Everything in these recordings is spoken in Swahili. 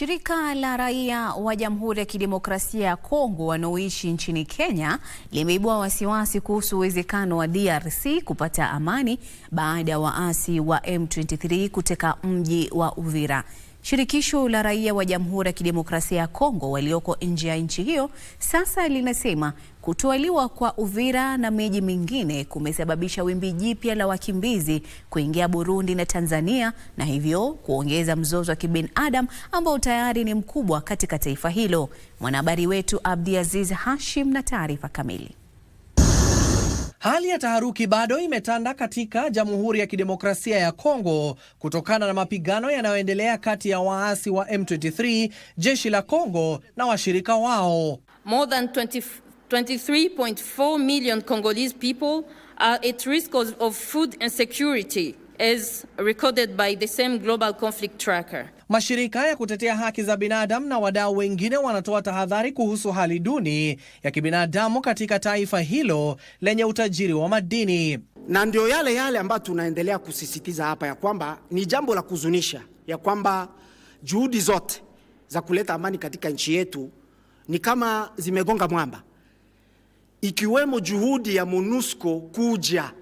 Shirika la raia wa Jamhuri ya Kidemokrasia ya Kongo wanaoishi nchini Kenya limeibua wasiwasi kuhusu uwezekano wa DRC kupata amani baada ya waasi wa M23 kuteka mji wa Uvira. Shirikisho la raia wa Jamhuri ya Kidemokrasia ya Kongo walioko nje ya nchi hiyo sasa linasema kutwaliwa kwa Uvira na miji mingine kumesababisha wimbi jipya la wakimbizi kuingia Burundi na Tanzania na hivyo kuongeza mzozo wa kibinadamu ambao tayari ni mkubwa katika taifa hilo. Mwanahabari wetu Abdiaziz Hashim na taarifa kamili. Hali ya taharuki bado imetanda katika Jamhuri ya Kidemokrasia ya Kongo kutokana na mapigano yanayoendelea kati ya waasi wa M23, jeshi la Kongo na washirika wao. More than 23.4 million Congolese people are at risk of food insecurity as recorded by the same global conflict tracker. Mashirika ya kutetea haki za binadamu na wadau wengine wanatoa tahadhari kuhusu hali duni ya kibinadamu katika taifa hilo lenye utajiri wa madini. Na ndio yale yale ambayo tunaendelea kusisitiza hapa ya kwamba ni jambo la kuzunisha ya kwamba juhudi zote za kuleta amani katika nchi yetu ni kama zimegonga mwamba, ikiwemo juhudi ya MONUSCO kuja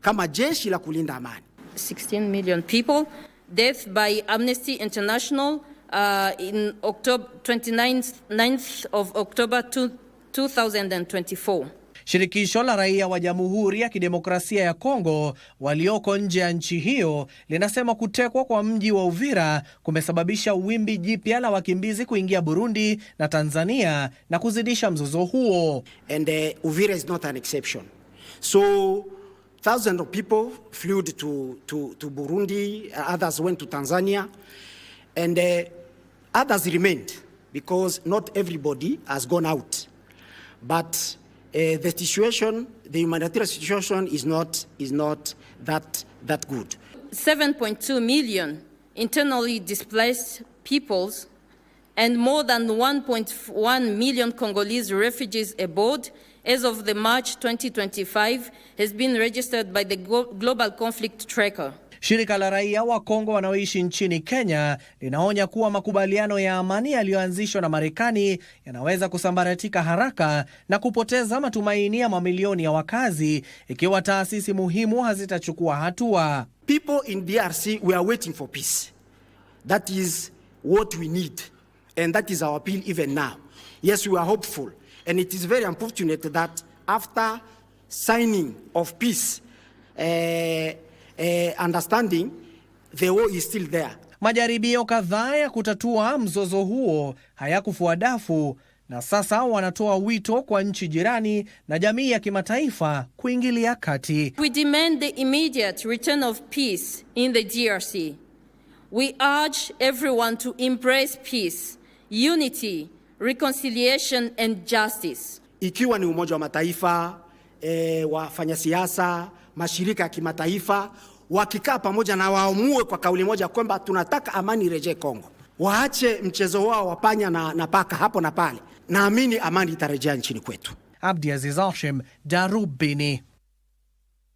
kama jeshi la kulinda amani. 16 million people. Death by Amnesty International uh, in October 29th 9th of October 2, 2024. Shirikisho la raia wa Jamhuri ya Kidemokrasia ya Kongo walioko nje ya nchi hiyo linasema kutekwa kwa mji wa Uvira kumesababisha wimbi jipya la wakimbizi kuingia Burundi na Tanzania na kuzidisha mzozo huo. And, uh, Uvira is not an exception. So Thousands of people flew to, to, to Burundi, uh, others went to Tanzania, and uh, others remained because not everybody has gone out. But uh, the situation, the humanitarian situation is not, is not that, that good. 7.2 million internally displaced peoples and more than 1.1 million Congolese refugees abroad as of the March 2025 has been registered by the Global Conflict Tracker. Shirika la raia wa Kongo wanaoishi nchini Kenya linaonya kuwa makubaliano ya amani yaliyoanzishwa na Marekani yanaweza kusambaratika haraka na kupoteza matumaini ya mamilioni ya wakazi ikiwa taasisi muhimu hazitachukua hatua. People in DRC we are waiting for peace. That is what we need and that is our appeal even now. Yes, we are hopeful, and it is very unfortunate that after signing of peace uh, uh, understanding, the war is still there. Majaribio kadhaa ya kutatua mzozo huo hayakufua dafu na sasa wanatoa wito kwa nchi jirani na jamii ya kimataifa kuingilia kati. We demand the immediate return of peace in the DRC. We urge everyone to embrace peace unity, reconciliation and justice. Ikiwa ni Umoja wa Mataifa, e, eh, wafanyasiasa, mashirika ya kimataifa wakikaa pamoja na waamue kwa kauli moja kwamba tunataka amani irejee Kongo, waache mchezo wao wa panya na, na paka hapo na pale, naamini amani itarejea nchini kwetu. Abdi Aziz Hashim, Darubini.